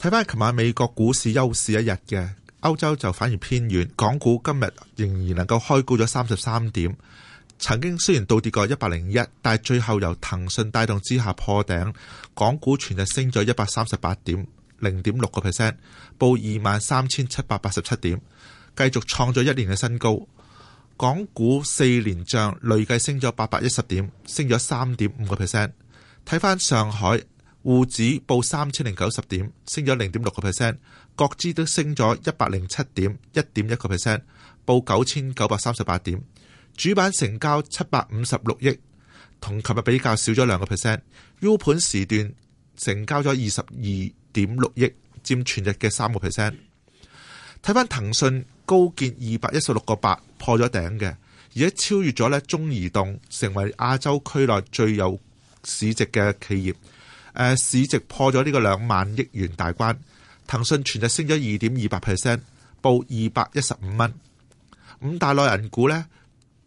睇翻琴晚美國股市休市一日嘅，歐洲就反而偏軟。港股今日仍然能夠開高咗三十三點，曾經雖然倒跌過一百零一，但係最後由騰訊帶動之下破頂，港股全日升咗一百三十八點，零點六個 percent，報二萬三千七百八十七點，繼續創咗一年嘅新高。港股四連漲，累計升咗八百一十點，升咗三點五個 percent。睇翻上海。滬指報三千零九十點，升咗零點六個 percent。國資都升咗一百零七點，一點一個 percent，報九千九百三十八點。主板成交七百五十六億，同琴日比較少咗兩個 percent。U 盤時段成交咗二十二點六億，佔全日嘅三個 percent。睇翻騰訊高見二百一十六個八，破咗頂嘅，而且超越咗咧中移動，成為亞洲區內最有市值嘅企業。市值破咗呢個兩萬億元大關，騰訊全日升咗二點二八 percent，報二百一十五蚊。五大內銀股呢，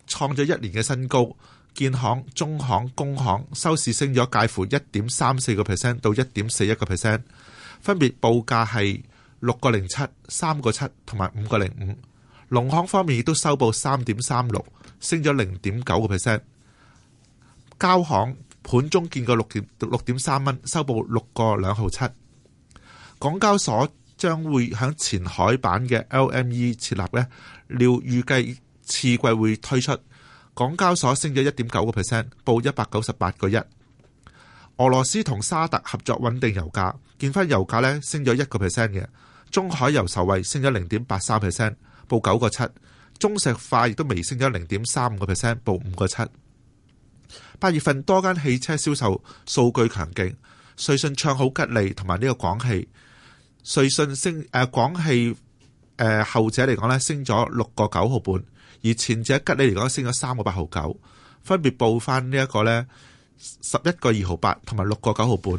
創咗一年嘅新高。建行、中行、工行收市升咗介乎一點三四個 percent 到一點四一個 percent，分別報價係六個零七、三個七同埋五個零五。農行方面亦都收報三點三六，升咗零點九個 percent。交行。盤中見過六點六點三蚊，收報六個兩毫七。港交所將會喺前海版嘅 LME 設立咧，料預計次季會推出。港交所升咗一點九個 percent，報一百九十八個一。俄羅斯同沙特合作穩定油價，見翻油價咧升咗一個 percent 嘅。中海油受惠，升咗零點八三 percent，報九個七。中石化亦都微升咗零點三五個 percent，報五個七。八月份多間汽車銷售數據強勁，瑞信唱好吉利同埋呢個廣汽，瑞信升誒廣汽誒後者嚟講咧升咗六個九毫半，而前者吉利嚟講升咗三個八毫九，分別報翻呢一個咧十一個二毫八同埋六個九毫半。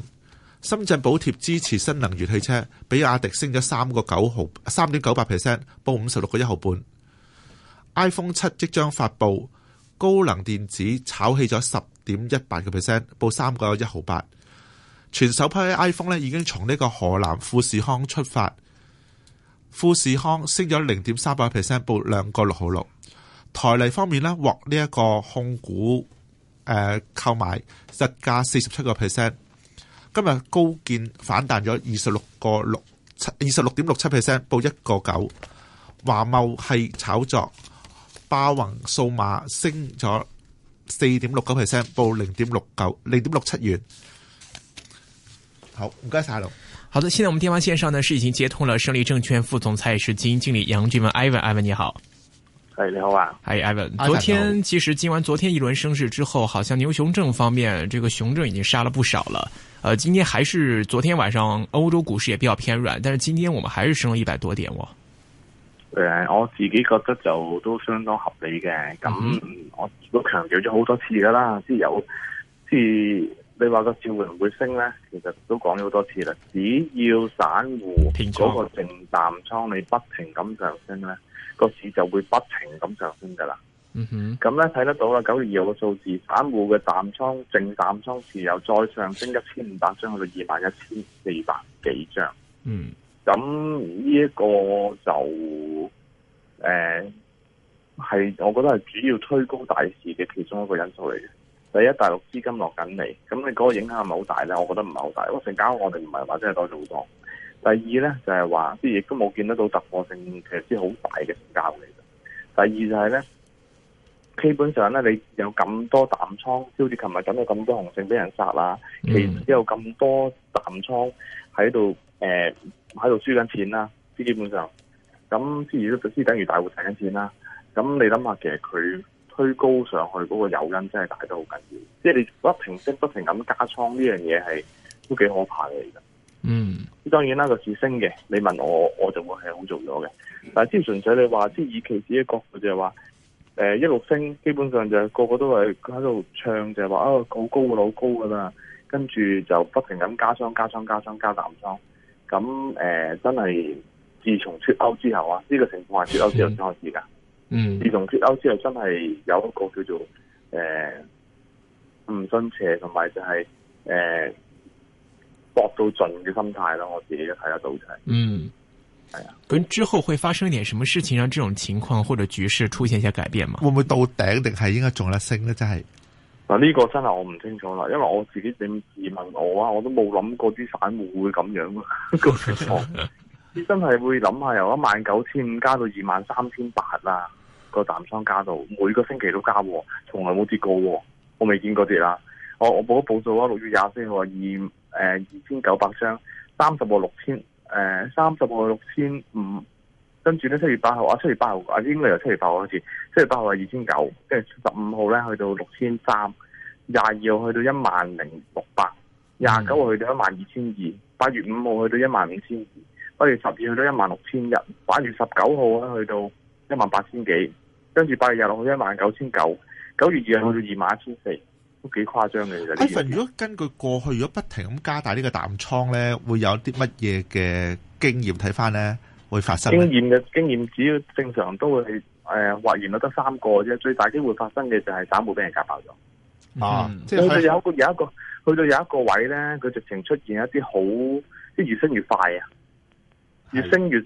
深圳補貼支持新能源汽車，比亞迪升咗三個九毫三點九八 percent，報五十六個一毫半。iPhone 七即將發佈，高能電子炒起咗十點一八個 percent，報三個一毫八。全首批 iPhone 已經從呢個河南富士康出發，富士康升咗零點三八個 percent，報兩個六毫六。台泥方面呢獲呢一個控股，誒、呃、購買，日價四十七個 percent。今日高見反彈咗二十六個六七，二十六點六七 percent，報一個九。華貿系炒作，霸宏數碼升咗。四點六九 percent，報零點六九零點六七元。好，唔該晒你。好的，現在我們電話線上呢是已經接通了，勝利證券副總裁、是基金經理楊俊文 Ivan，Ivan 你好。係你好啊，係 Ivan。Ivan, 昨天 Ivan, 其實經完昨天一輪升市之後，好像牛熊證方面，這個熊證已經殺了不少了。呃，今天還是昨天晚上歐洲股市也比較偏軟，但是今天我們還是升了一百多點喎、哦。誒、呃，我自己覺得就都相當合理嘅。咁、嗯、我都強調咗好多次噶啦，即係有，即係你話個市會唔會升咧？其實都講咗好多次啦。只要散戶嗰個淨淡倉你不停咁上升咧，個市就會不停咁上升噶啦。嗯哼，咁咧睇得到啦。九月二號嘅數字，散戶嘅淡倉淨淡倉係又再上升一千五百張去到二萬一千四百幾張。嗯。咁呢一個就誒係、呃，我覺得係主要推高大市嘅其中一個因素嚟嘅。第一，大陸資金落緊嚟，咁你嗰個影響係咪好大咧？我覺得唔係好大，因為成交我哋唔係話真係多做多。第二咧就係、是、話，即亦都冇見得到突破性，其實先好大嘅成交嚟。第二就係咧，基本上咧你有咁多淡倉，好似琴日咁有咁多熊證俾人殺啦，其實有咁多淡倉喺度。誒、呃，喺度輸緊錢啦，啲基本上，咁之而都之等於大戶贏緊錢啦。咁你諗下，其實佢推高上去嗰個誘因真係大得好緊要，即係你不停升不停咁加倉呢樣嘢係都幾可怕嚟噶。嗯、mm.，當然啦，個市升嘅，你問我我就會係好做咗嘅。但係之純粹你話之以期指嘅角度就係、是、話，誒、呃、一六升基本上就個個都係喺度唱就係、是、話啊，好高啊，好高噶啦，跟住就不停咁加倉加倉加倉加淡倉。咁誒、呃，真係自從脫歐之後啊，呢、這個情況係脫歐之後先開始噶、嗯。嗯，自從脫歐之後，真係有一個叫做誒唔親切，同、呃、埋就係誒搏到盡嘅心態咯。我自己都睇得到嘅、就是。嗯，係啊。咁之後會發生一點什麼事情，讓這種情況或者局勢出現一些改變嗎？會唔會到頂，定係應該仲有升咧？真係。呢、這個真係我唔清楚啦，因為我自己點自問我啊，我都冇諗過啲散戶會咁樣啊！你 真係會諗下，由一萬九千五加到二萬三千八啦，個淡倉加到，每個星期都加，從來冇跌過，我未見過跌啦。我我報咗報數啊，六月廿四號二誒二千九百張，三十號六千誒三十號六千五，跟住咧七月八號啊七月八號啊應該由七月八號開始，七月八號係二千九，跟住十五號咧去到六千三。廿二號去到一萬零六百，廿九號去到一萬二千二，八月五號去到一萬五千二，八月十二去到一萬六千一，八月十九號去到一萬八千幾，跟住八月廿六去到一萬九千九，九月二號去到二萬一千四，都幾誇張嘅其實。Ivan 如果根據過去如果不停咁加大呢個淡倉咧，會有啲乜嘢嘅經驗睇翻咧會發生？經驗嘅經驗，只要正常都會誒，呃，完都得三個啫，最大機會發生嘅就係散戶俾人夾爆咗。啊、嗯嗯！去到有一個有一個，去到有一個位咧，佢直情出現一啲好，即係越升越快啊，越升越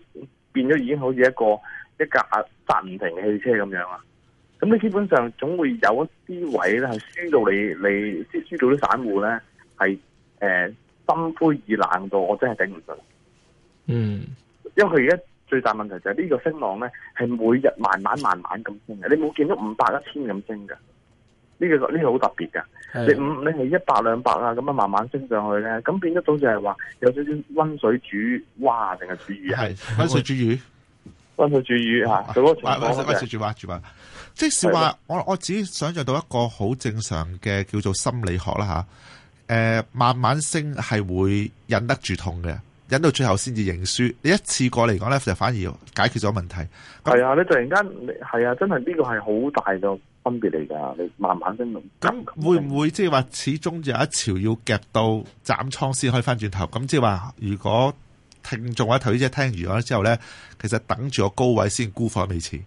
變咗，已經好似一個一架剎唔停嘅汽車咁樣啊！咁你基本上總會有一啲位咧，係輸到你你啲輸到啲散戶咧，係誒、呃、心灰意冷到，我真係頂唔順。嗯，因為佢而家最大問題就係，是這個，呢個升浪咧，係每日慢慢慢慢咁升嘅，你冇見到五百一千咁升噶。呢、這個呢、這個好特別噶，你唔你係一百兩百啊，咁啊慢慢升上去咧，咁變得到就係話有少少溫水煮蛙定係煮魚啊？溫水煮魚，溫水煮魚吓，溫溫水煮蛙煮蛙。即使話我我只想象到一個好正常嘅叫做心理學啦吓，誒、呃，慢慢升係會忍得住痛嘅，忍到最後先至認輸。你一次過嚟講咧，就反而解決咗問題。係啊，你突然間，係啊，真係呢個係好大嘅。分別嚟㗎，你慢慢跟落。咁會唔會即係話始終有一朝要夾到斬倉先可以翻轉頭？咁即係話，如果聽眾喺頭先即係聽完咗之後咧，其實等住個高位先沽貨未遲。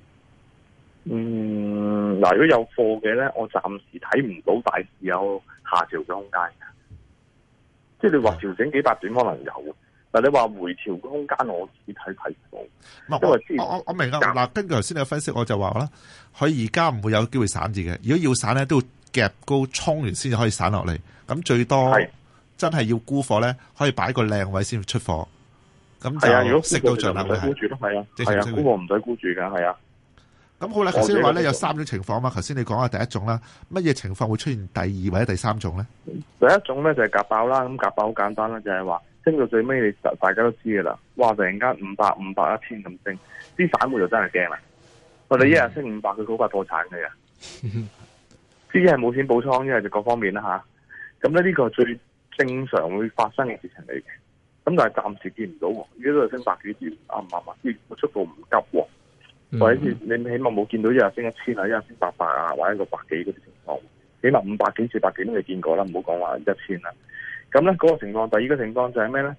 嗯，嗱，如果有貨嘅咧，我暫時睇唔到大市有下調嘅空間。即係你話調整幾百點，可能有。嗱，你話回調空間我自己睇睇，我只睇睇唔到。我明啊。嗱，根據頭先你嘅分析，我就話啦，佢而家唔會有機會散字嘅。如果要散咧，都要夾高沖完先至可以散落嚟。咁最多真係要沽貨咧，可以擺個靚位先出貨。咁就食到盡啦，係。沽住咯，係啊，係啊，沽貨唔使沽住㗎，係啊。咁好啦，頭先話咧有三種情況嘛。頭先你講下第一種啦，乜嘢情況會出現第二或者第三種咧？第一種咧就係夾爆啦。咁夾爆好簡單啦，就係、是、話。升到最尾你大家都知噶啦，哇！突然間五百、五百、一千咁升，啲散戶就真係驚啦。我哋一日升五百，佢好快破產嘅。嗯，一係冇錢補倉，一係就各方面啦吓。咁咧呢個係最正常會發生嘅事情嚟嘅。咁但係暫時見唔到，如果都係升百幾啲，啱唔啱啊？啲、啊啊啊、速度唔急。或者你起碼冇見到一日升一千啊，一日升八百啊，或者，一 1000, 一 800, 或者一個百幾嗰啲情況，起碼五百幾四百幾都未見過啦，唔好講話一千啦。咁咧，嗰個情況，第二個情況就係咩咧？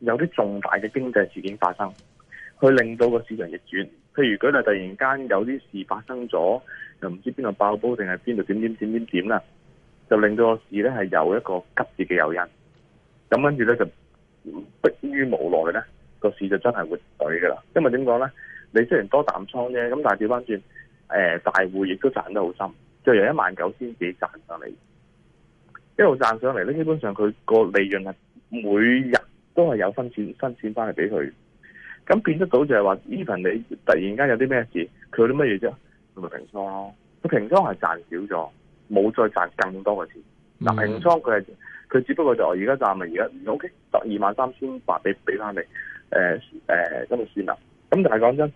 有啲重大嘅經濟事件發生，去令到個市場逆轉。譬如舉例突然間有啲事發生咗，又唔知邊度爆煲定係邊度點點點點點啦，就令到個市咧係有一個急跌嘅誘因，咁跟住咧就迫於無奈咧，個市就真係會水㗎啦。因為點講咧？你雖然多淡倉啫，咁但係調翻轉，大戶亦都賺得好深，即係由一萬九千幾賺上嚟。一路賺上嚟咧，基本上佢個利潤係每日都係有分錢分錢翻去俾佢，咁變得到就係話，even 你突然間有啲咩事，佢有啲乜嘢啫？咪平倉咯，佢平倉係賺少咗，冇再賺更多嘅錢。嗱、嗯，平倉佢係佢只不過賺不就而家賺咪而家 OK 二萬三千八俾俾翻你，誒誒，咁就算啦。咁但係講真，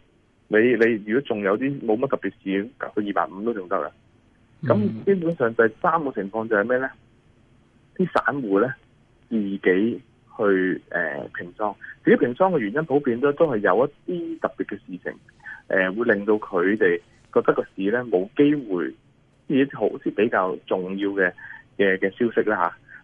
你你如果仲有啲冇乜特別事，佢二萬五都仲得噶。咁、嗯、基本上第三個情況就係咩咧？啲散戶咧，自己去誒平倉，自己平倉嘅原因普遍都都係有一啲特別嘅事情，誒會令到佢哋覺得個市咧冇機會，啲好似比較重要嘅嘅嘅消息啦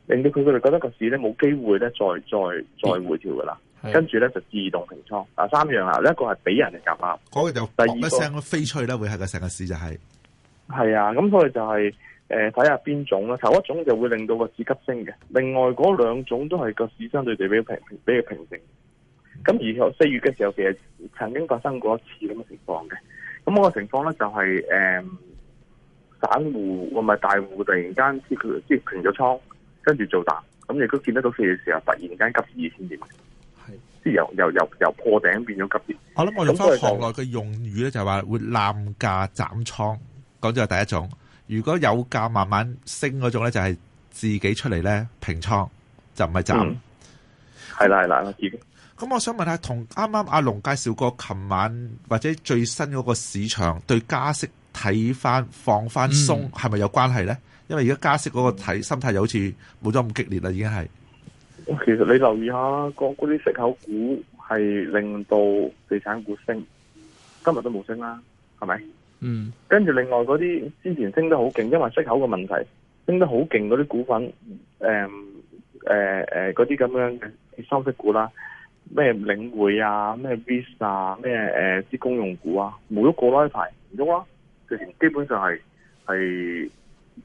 嚇，令到佢哋覺得個市咧冇機會咧再再再回調噶啦，跟住咧就自動平倉。第三樣啊，一個係俾人哋夾硬，嗰、那個就一第二聲飛出去咧，會係個成個市就係係啊，咁所以就係、是。誒、呃，睇下邊種啦，頭一種就會令到個市急升嘅，另外嗰兩種都係個市相對地比較平比較平靜。咁、嗯、而後四月嘅時候，其實曾經發生過一次咁嘅情況嘅。咁、那、嗰個情況咧就係、是、誒、嗯，散戶或唔係大戶突然間即係即係平咗倉，跟住做淡，咁亦都見得到四月的時候突然間急跌先跌，係即係由由由由破頂變咗急跌。好啦，我，我用返行內嘅用語咧，就係話會冧價斬倉，講咗係第一種。如果有價慢慢升嗰種咧，就係、是、自己出嚟咧平倉就唔係賺，係啦係啦，已經。咁我想問下，同啱啱阿龍介紹過，琴晚或者最新嗰個市場對加息睇翻放翻鬆，係、嗯、咪有關係咧？因為而家加息嗰個睇心態又好似冇咗咁激烈啦，已經係。其實你留意下，嗰嗰啲息口股係令到地產股升，今日都冇升啦，係咪？嗯，跟住另外嗰啲之前升得好勁，因為息口嘅問題升得好勁嗰啲股份，誒誒誒嗰啲咁樣嘅收息股啦，咩領匯啊，咩 Vis 啊，咩誒啲公用股啊，冇喐過啦呢排，唔喐啊，即係基本上係係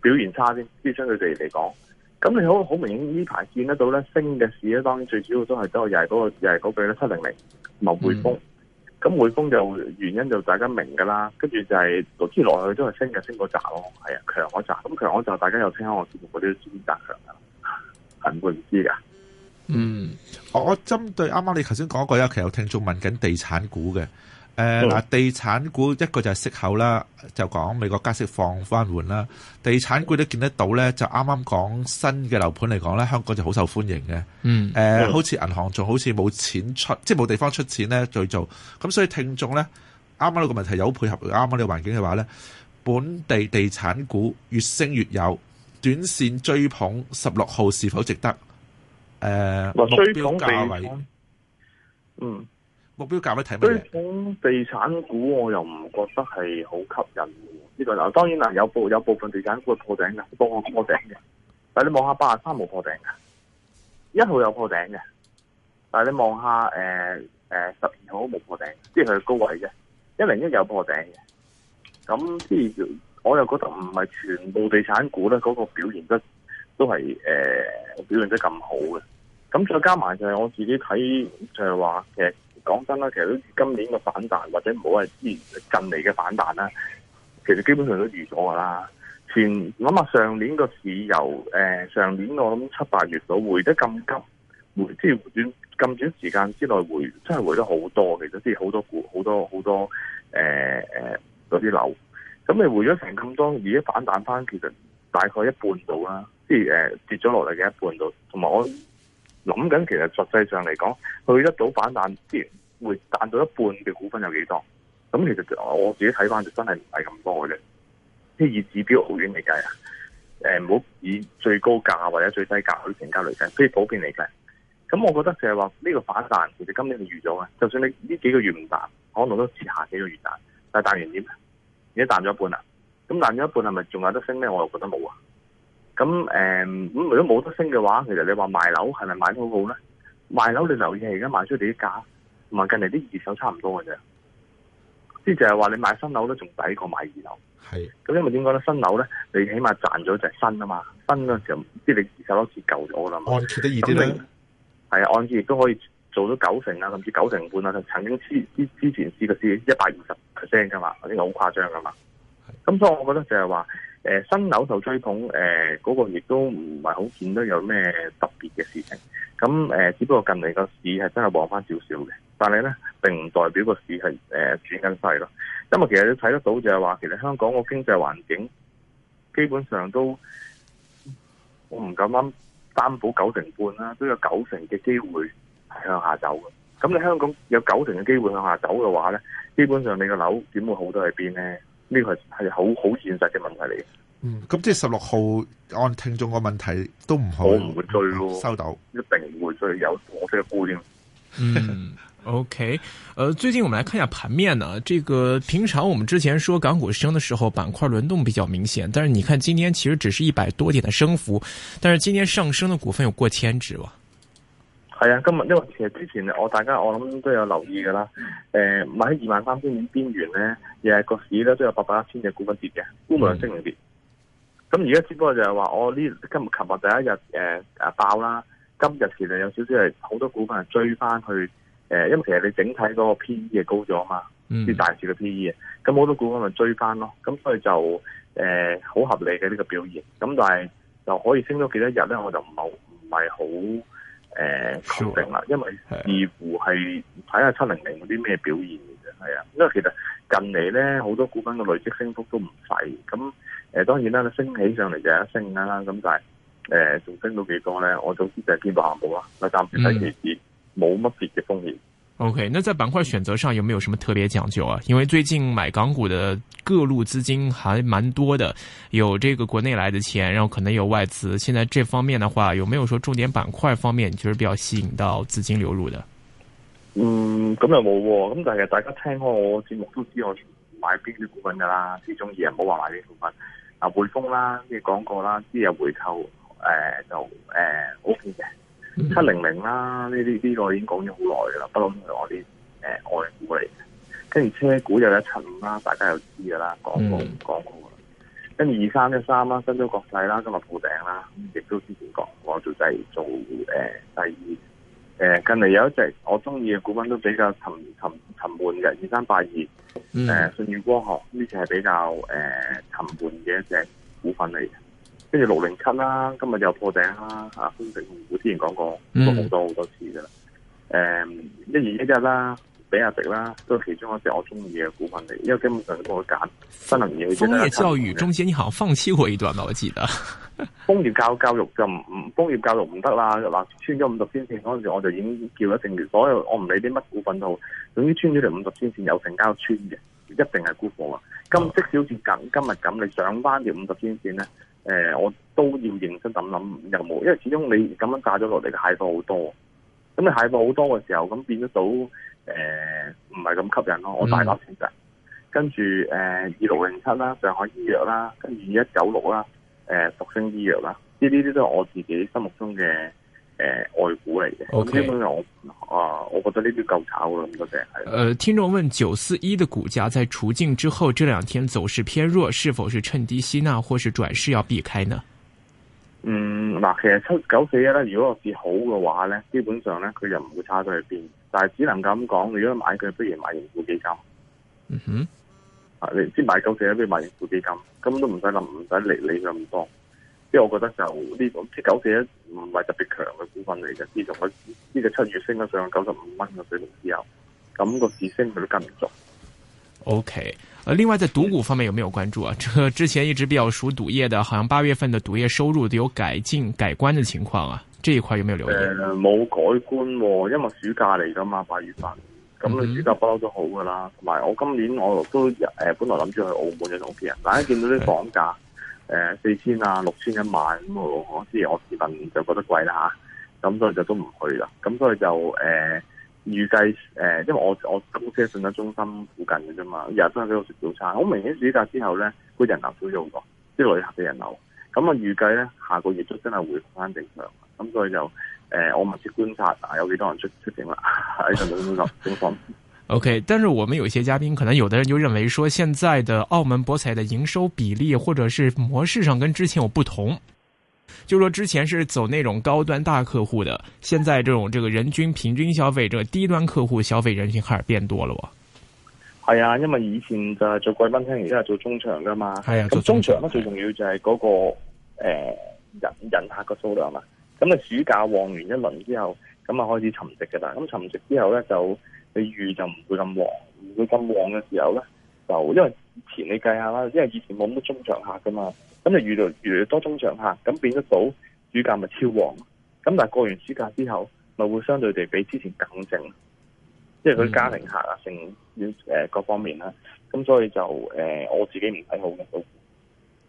表現差啲，即呢相對地嚟講，咁你好好明顯呢排見得到咧升嘅市咧，當然最主要都係都係又係嗰個又係嗰句咧七零零某匯豐。咁匯豐就原因就大家明噶啦，跟住就係，總之來去都係升嘅，升嗰紮咯，係啊，強嗰扎，咁強我就大家又聽下我節目嗰啲選擇噶，係唔會唔知噶。嗯，我針對啱啱你頭先講過一個，有聽眾問緊地產股嘅。誒、嗯，嗱、嗯，地產股一個就係息口啦，就講美國加息放翻緩啦地產股都見得到咧。就啱啱講新嘅樓盤嚟講咧，香港就好受歡迎嘅。嗯，誒、嗯，呃，好似銀行仲好似冇錢出，即係冇地方出錢咧，再做。咁所以聽眾咧，啱啱呢個問題有配合啱啱呢個環境嘅話咧，本地地產股越升越有，短線追捧十六號是否值得？誒、呃，目標價位，嗯。目標價咧睇乜嘢？咁地產股我又唔覺得係好吸引喎。呢個嗱，當然啦，有部有部分地產股係破頂嘅，我破頂嘅。但係你望下八十三冇破頂㗎，一號有破頂嘅。但係你望下誒誒十二號冇破頂，即係佢高位嘅。一零一有破頂嘅。咁即係我又覺得唔係全部地產股咧，嗰個表現得都係誒、呃、表現得咁好嘅。咁再加埋就係我自己睇就係話嘅講真啦，其實今年嘅反彈或者唔好係之前的近嚟嘅反彈啦，其實基本上都預咗噶啦。前諗下上年個市由誒、呃、上年我諗七八月度回得咁急，回即係回轉咁短時間之內回，真係回咗好多。其實即係好多股，好多好多誒誒嗰啲樓，咁你回咗成咁多，而家、呃呃、反彈翻，其實大概一半度啦，即係誒跌咗落嚟嘅一半度，同埋我。諗緊其實實際上嚟講，去得到反彈，自然會彈到一半嘅股份有幾多？咁其實我自己睇翻就真係唔係咁多嘅，即係以指標好遠嚟計啊！誒、呃，唔好以最高價或者最低價去成交嚟計，譬如普遍嚟計，咁我覺得就係話呢個反彈，其實今年就預咗嘅。就算你呢幾個月唔彈，可能都遲下幾個月彈，但係彈完點？而家彈咗一半啦，咁彈咗一半係咪仲有得升咧？我又覺得冇啊。咁誒咁，如果冇得升嘅話，其實你話賣樓係咪賣得好好咧？賣樓你留意下而家賣出嚟啲價，同埋近嚟啲二手差唔多嘅啫。即係話你買新樓都仲抵過買二手。係。咁因為點解咧？新樓咧，你起碼賺咗就新啊嘛。新嗰時候啲你二手都似舊咗啦嘛。按揭的二點零。係、嗯、啊，按揭亦都可以做到九成啊，甚至九成半啊，就曾經之之前試過試一百二十 percent 噶嘛，呢個好誇張噶嘛。咁、嗯、所以，我覺得就係話。誒，新樓受追捧，誒、呃，嗰、那個亦都唔係好見得有咩特別嘅事情。咁誒、呃，只不過近嚟個市係真係旺翻少少嘅，但係咧並唔代表個市係誒轉緊勢囉。咯、呃。因為其實你睇得到就係話，其實香港個經濟環境基本上都，我唔敢啱擔保九成半啦，都有九成嘅機會係向下走嘅。咁你香港有九成嘅機會向下走嘅話咧，基本上你個樓點會好到喺邊咧？呢、這個係係好好現實嘅問題嚟嘅。嗯，咁、嗯、即係十六號按聽眾個問題都唔好，我唔會追咯，收到一定唔會追，有冇咩固定？嗯 ，OK，呃，最近我們來看一下盤面呢。這個平常我們之前說港股升的時候，板塊輪動比較明顯，但係你看今天其實只是一百多點的升幅，但係今天上升嘅股份有過千隻喎。係啊，今日因為其實之前我大家我諗都有留意噶啦，誒、呃，唔係喺二萬三千點邊緣咧，日日個市咧都有八百一千嘅股份跌嘅，估沽量升嚟跌。咁而家只不過就係話我呢今日琴日第一日誒誒爆啦，今日其實有少少係好多股份係追翻去，誒、呃，因為其實你整體嗰個 P E 係高咗啊嘛，啲、嗯、大市嘅 P E 啊，咁好多股份咪追翻咯，咁所以就誒好、呃、合理嘅呢、這個表現。咁但係又可以升咗幾多日咧，我就唔係唔係好。不不不不不誒，確定啦，因為似乎係睇下七零零嗰啲咩表現嘅啫，係啊，因為其實近嚟咧好多股份嘅累積升幅都唔細，咁誒、呃、當然啦，你升起上嚟就一升啦，咁但係誒仲升到幾多咧？我總之就係見步行步啦，我暫時睇期指冇乜別嘅風險。OK，那在板塊選擇上有沒有什麼特別講究啊？因為最近買港股的各路資金還蠻多的，有這個國內來的錢，然後可能有外資。現在這方面的話，有沒有說重點板塊方面，就是比較吸引到資金流入的？嗯，咁又冇，咁但係、是、大家聽我，我節目都知我買邊啲股份噶啦，始終亦係冇話買邊啲股份，啊匯豐啦，即係講過啦，啲有回購，誒、呃、就誒、呃、OK 嘅。七零零啦，呢啲呢個已經講咗好耐噶啦，不過都係我啲誒、呃、外股嚟嘅。跟住車股又一沉啦，大家又知噶啦，講過唔講過啦。跟住二三一三啦，申洲國際啦，今日破頂啦，咁亦都之前講過做係做誒、呃、第二誒、呃、近嚟有一隻我中意嘅股份都比較沉沉沉悶嘅，二三八二誒舜宇光學呢隻係比較誒沉悶嘅一隻股份嚟。跟住六零七啦，今日又破頂啦。啊，豐盛控股之前講過，都好多好多次噶啦。誒，一二一一啦，比亞迪啦，都係其中一隻我中意嘅股份嚟。因為基本上我揀新能源的，工業教育中間你好像放棄過一段嘛？我記得工 業教育教育，就唔工業教育唔得啦。嗱，穿咗五十天綫嗰陣時，我就已經叫咗剩。所有我唔理啲乜股份都好，總之穿咗條五十天綫有成交穿嘅，一定係沽貨啊、嗯。今即少似今今日咁，你上翻條五十天綫咧。誒、呃，我都要認真諗諗有冇，因為始終你咁樣帶咗落嚟嘅蟹貨好多，咁你蟹貨好多嘅時候，咁變咗到誒唔係咁吸引咯。我大粒錢嘅，嗯、跟住誒二六零七啦，上海醫藥啦，跟住二一九六啦，誒復星醫藥啦，呢啲啲都係我自己心目中嘅。誒、呃，外股嚟嘅，咁、okay. 基本上我啊、呃，我覺得呢啲夠炒啦，多謝。誒、呃，聽眾問九四一嘅股價在除淨之後，這兩天走勢偏弱，是否是趁低吸納，或是轉勢要避開呢？嗯，嗱，其實七九四一咧，如果我市好嘅話咧，基本上咧佢又唔會差到去邊，但係只能咁講，如果買佢，不如買盈富基金。嗯哼，啊，你先買九四一，不如買盈富基金，根本都唔使諗，唔使理理佢咁多。即係我覺得就呢個即九四一唔係特別強嘅股份嚟嘅，自從佢呢個七月升得上九十五蚊嘅水平之後，咁、那個市升佢都跟唔重。O K，誒，另外在賭股方面有沒有關注啊？即 之前一直比較熟賭業嘅，好像八月份嘅賭業收入都有改進改觀嘅情況啊？這一塊有冇有留意？冇、呃、改觀、啊，因為暑假嚟噶嘛，八月份咁啊，暑假不嬲都好噶啦，同、嗯、埋我今年我都誒、呃、本來諗住去澳門嘅屋企人，但係一見到啲房價。嗯誒、呃，四千啊，六千一萬咁，我即係我自問就覺得貴啦吓，咁所以就都唔去啦。咁所以就誒，預計誒，因為我我搭車信德中心附近嘅啫嘛，日日都喺嗰度食早餐。好明顯暑假之後咧，嗰人流少咗好多，啲、就、旅、是、客嘅人流。咁啊，預計咧下個月都真係回翻正常。咁所以就誒、呃，我密切觀察啊，有幾多人出出境啦？喺度島嗰個情 OK，但是我們有些嘉賓可能有的人就認為說現在的澳門博彩的營收比例或者是模式上跟之前有不同，就說之前是走那種高端大客戶的，現在這種這個人均平均消費者，這低端客戶消費人群開始變多了。我係啊，因為以前就係做貴賓廳，而家係做中場噶嘛。係、哎、啊，做中場，咁中場最重要就係嗰、那個、呃、人人客嘅數量啊嘛。咁啊暑假旺完一輪之後，咁啊開始沉寂噶啦。咁沉寂之後呢，就。你預就唔會咁旺，唔會咁旺嘅時候咧，就因為以前你計下啦，因為以前冇乜中長客噶嘛，咁就預到越嚟越多中長客，咁變咗到暑假咪超旺，咁但係過完暑假之後，咪會相對地比之前更靜，即係佢家庭客啊，誒、嗯、各方面啦，咁所以就誒、呃、我自己唔睇好嘅都，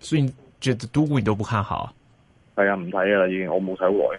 所以覺得都估，你都不看好？係啊，唔睇噶啦，已經我冇睇好耐。